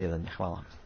jedan je. Hvala.